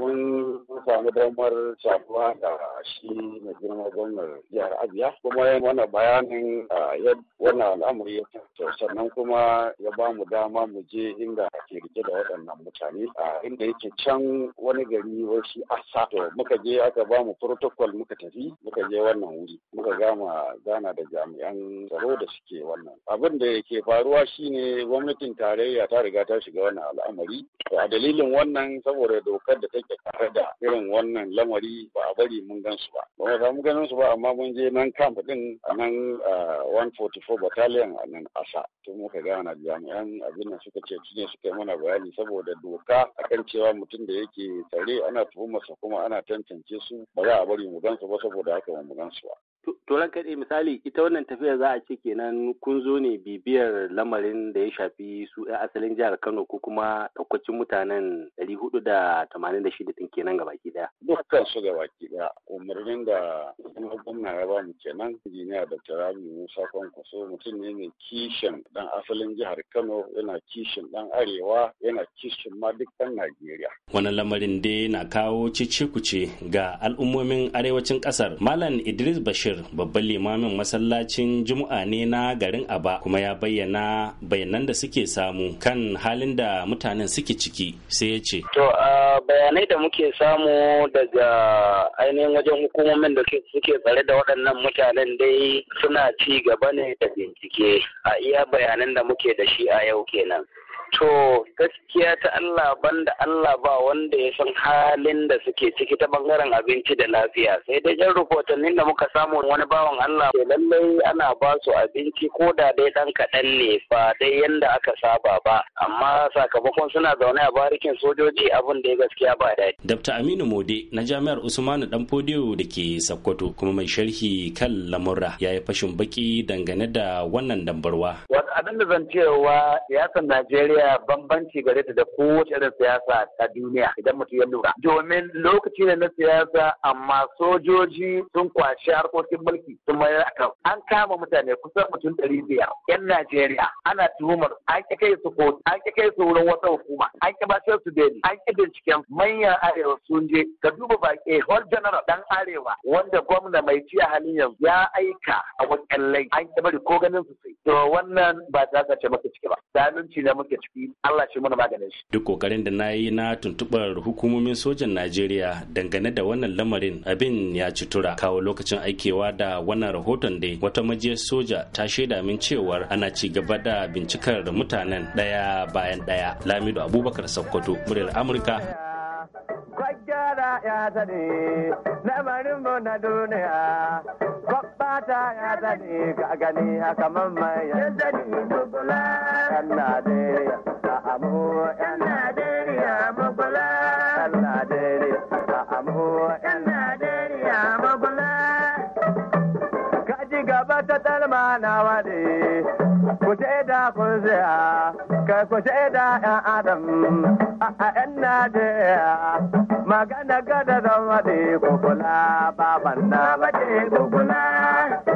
one samu damar shafuwa da shi mai girma gwamnar jihar Abia kuma ya mana bayanin wannan al'amari ya sannan kuma ya ba mu dama mu je inda ke rike da waɗannan mutane a inda yake can wani gari wasu asa to muka je aka ba mu protocol muka tafi muka je wannan wuri muka gama gana da jami'an tsaro da suke wannan abin da ke faruwa shine gwamnatin tarayya ta riga ta shiga wannan al'amari to a dalilin wannan saboda dokar da take tare da irin irin wannan lamari ba a bari mun gan su ba ba mu samu ganin su ba amma mun je nan camp din a nan 144 battalion a nan asa tun muka gana jami'an abin da suka ce ne suka yi mana bayani saboda doka a kan cewa mutum da yake tare ana tuhumarsa kuma ana tantance su ba za a bari mu gan su ba saboda haka ba mu gan su ba To kaɗai misali ita wannan tafiyar za a ce kenan kun zo ne bibiyar lamarin da ya shafi su ɗan asalin jihar Kano ko kuma ɗaukacin mutanen 486 ɗin kenan ga baki ɗaya. Dukkan su ga baki ɗaya umarnin da kuma gwamna ya bamu kenan injiniya da Rabi Musa Kwankwaso mutum ne mai kishin ɗan asalin jihar Kano yana kishin ɗan Arewa yana kishin ma duk Najeriya. Wani lamarin dai na kawo cece ce ga al'ummomin arewacin ƙasar Malam Idris Bashir bashir babban limamin masallacin juma'a ne na garin aba kuma ya bayyana bayanan da suke samu kan halin da mutanen suke ciki sai ya ce to a bayanai da muke samu daga ainihin wajen hukumomin da suke tsare da waɗannan mutanen dai suna ci gaba ne da bincike a iya bayanan da muke da shi a yau kenan To gaskiya ta Allah banda Allah ba wanda ya san halin da suke ciki ta bangaren abinci da lafiya sai dai jan rahotannin da muka samu wani bawan Allah ke lallai ana ba su abinci ko da dai dan kaɗan ne ba dai yanda aka saba ba amma sakamakon suna zaune a barikin sojoji abin da ya gaskiya ba daɗi. Dr. Aminu Mode na Jami'ar Usmanu fodiyo da ke Sokoto kuma mai sharhi kan lamurra ya yi fashin baki dangane da wannan dambarwa. Wata abin da zan cewa siyasan Najeriya iya bambanci gare ta da kowace irin siyasa ta duniya idan mutum ya lura. Domin lokaci ne na siyasa amma sojoji sun kwashi harkokin mulki sun mayar akan. An kama mutane kusan mutum ɗari biyar. 'Yan Najeriya ana tuhumar an ƙi kai su kotu, an kai su wurin wata hukuma, an gabatar su dai an yi binciken manyan arewa sun je ka duba baki hol general dan arewa wanda gwamna mai ci a halin yanzu ya aika a lai an yi bari ko ganin su sai to wannan ba za ka ce maka ciki ba zalunci ne muke ciki Allah shi muna maganin shi duk kokarin da nayi na tuntubar hukumomin sojan Najeriya dangane da wannan lamarin abin ya ci tura kawo lokacin aikewa da wannan rahoton dai wata majiyar soja ta shaida min cewar ana ci gaba da bincikar mutanen daya bayan daya Lamido Abubakar Sokoto muryar Amurka. Kwaggara ya zane, na marin mu na duniya, ya zane, ga gani haka mamma ya zane. na waɗe, ku shaida kun tsaya, kai ku shaida ‘yan Adam, a ‘yan Najeriya, magana gada don waɗe, kukula baban na waɗe, kukula.